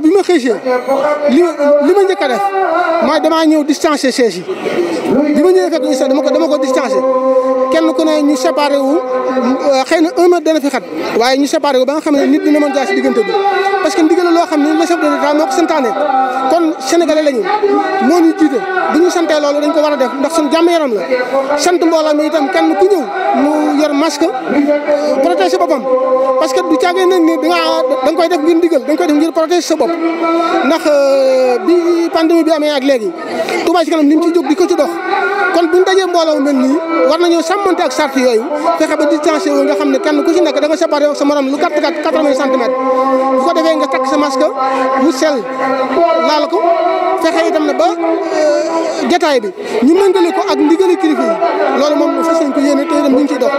bi ma xëysee li li ma njëkk a def mooy damaa ñëw distancé chaise yi bi ma ñëwee fekk isa dama ko dama ko distancé kenn ku ne ñu séparé wu euh, xëy na un mètre dana fi xat waaye ñu séparé ba nga xam ne nit dina mën jaar si diggante bi parce que ndigal xam ne le chef de l'État moo ko santaane kon sénégalais lañu moo ñu jiite bu ñu loolu dañ ko war a def ndax suñu jàmm yaram la sant mbooloo mi itam kenn ku ñëw mu yor masque protéger boppam parce que du caagee nag ni da nga da koy def ngir ndigal sa bopp ndax euh, bi pandémie bi amee ak léegi Touba ci kanam ni ci jóg di ko ci dox kon buñ dajee mbooloo mel nii war nañoo sàmmante ak sart yooyu fexe ba distancié wu nga xam ne kenn ku ci nekk da nga séparé ak sa morom nga takk sa masque mu sell laal ko fexe itam ne ba euh, jataay bi ñu mëngale ko ak ndigali kilifa yi loolu moom fas nañ ko yéene te itam ñu ngi dox.